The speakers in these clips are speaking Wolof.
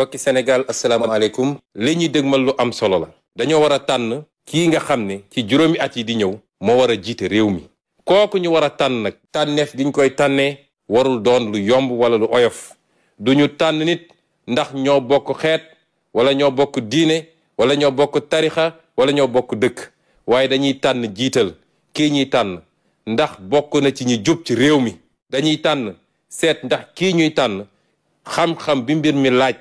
mbokki Sénégal asalaamaaleykum li ñuy dégmal lu am solo la dañoo war a tànn kii nga xam ne ci juróomi at yi di ñëw moo war a jiite réew mi kooku ñu war a tànn nag tànneef gi ñu koy tànnee warul doon lu yomb wala lu oyof du ñu tànn nit ndax ñoo bokk xeet wala ñoo bokk diine wala ñoo bokk tarixa wala ñoo bokk dëkk waaye dañuy tànn jiital kii ñuy tànn ndax bokk na ci ñi jub ci réew mi dañuy tànn seet ndax kii ñuy tànn xam-xam bi mbir mi laaj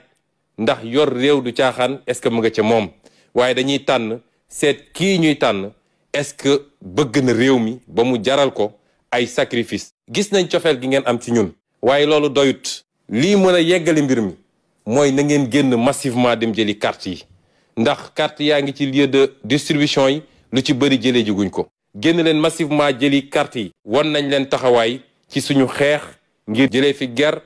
ndax yor réew du caaxaan est-ce que mu nga ca moom waaye dañuy tànn seet kii ñuy tànn est-ce que bëgg na réew mi ba mu jaral ko ay sacrifice gis nañ cofeel gi ngeen am ci ñun waaye loolu doyut lii mën a yeggali mbir mi mooy na ngeen génn massivement dem jëli carte yi ndax carte yaa ngi ci lieu de distribution yi lu ci bëri jëlee jiguñ ko génn leen massivement jëli carte yi wan nañ leen taxawaay ci suñu xeex ngir jëlee fi ger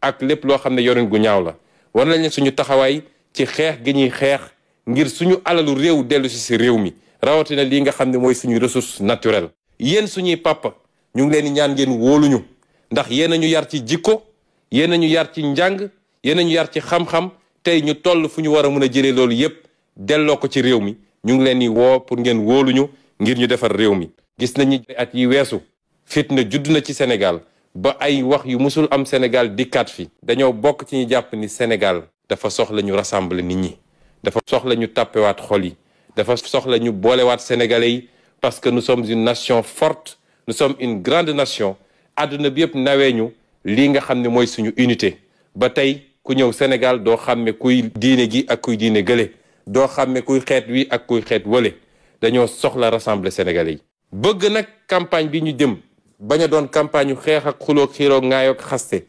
ak lépp loo xam ne yorin gu ñaaw la war nañ suñu taxawaay ci xeex gi ñuy xeex ngir suñu alalu réew dellu si si réew mi rawatina lii nga xam ne mooy suñu ressource naturel yéen suñuy papa ñu ngi leen di ñaan ngeen wóoluñu ndax yéen a ñu yar ci jikko yéen a ñu yar ci njàng yéen ñu yar ci xam-xam tey ñu toll fu ñu war a mën a jëlee loolu yépp delloo ko ci réew mi ñu ngi leen di woo pour ngeen wóoluñu ngir ñu defar réew mi. gis nañu at yi weesu fitna judd na ci Sénégal. ba ay wax yu mosul am Sénégal dikkaat fi dañoo bokk ci ñu jàpp ni Sénégal dafa soxla ñu rassembler nit ñi dafa soxla ñu tàppewaat xol yi dafa soxla ñu boolewaat sénégalais yi parce que nu some une nation forte nous une grande nation àdduna bi yëpp nawee ñu lii nga xam ne mooy suñu unité ba tey ku ñëw Sénégal doo xàmme kuy diine gi ak kuy diine gële doo xàmme kuy xeet wi ak kuy xeet wële dañoo soxla rassembler sénégalais yi bëgg nag campagne bi ñu jëm bañ a doon campagne xeex ak xuloo xiiroo ŋaayoo ak xaste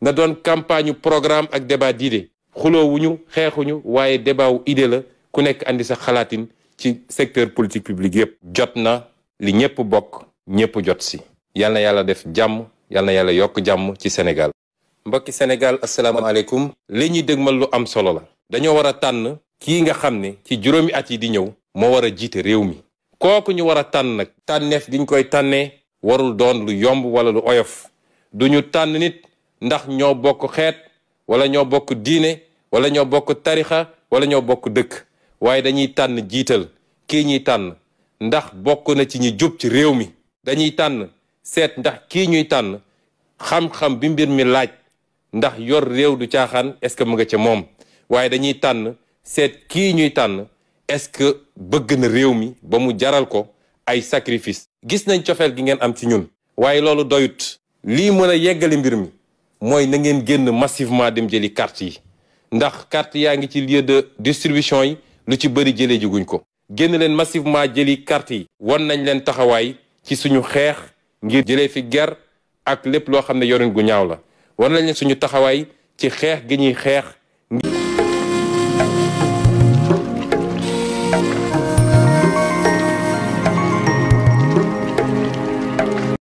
na doon campagne programme ak débat d'idée xuloo wuñu xeexuñu waaye débat wu la ku nekk indi sa xalaatin ci secteur politique publique yëpp jot na li ñëpp bokk ñëpp jot si yal yàlla def jàmm yal yàlla yokk jàmm ci Sénégal mbokki Sénégal asalaamaaleykum li ñuy dëgmal lu am solo la dañoo war a tànn kii nga xam ne ci juróomi at yi di ñëw moo war a jiite réew mi kooku ñu war tànn nag tànneef koy tànnee warul doon lu yomb wala lu oyof du ñu tànn nit ndax ñoo bokk xeet wala ñoo bokk diine wala ñoo bokk tarixa wala ñoo bokk dëkk waaye dañuy tànn jiital kii ñuy tànn ndax bokk na ci ñi jub ci réew mi dañuy tànn seet ndax kii ñuy tànn xam-xam bi mbir mi laaj ndax yor réew du caaxaan est-ce que mu nga ca moom waaye dañuy tànn seet kii ñuy tànn est-ce que bëgg na réew mi ba mu jaral ko ay sacrifice gis nañ cofeel gi ngeen am ci ñun waaye loolu doyut lii mën a yeggali mbir mi mooy na ngeen génn massivement dem jëli carte yi ndax carte yaa ngi ci lieu de distribution yi lu ci bëri jëlee jiguñ ko génn leen massivement jëli carte yi wan nañ leen taxawaay ci suñu xeex ngir jëlee fi ger ak lépp loo xam ne yorin gu ñaaw la war nañ leen suñu taxawaay ci xeex gi ñuy xeex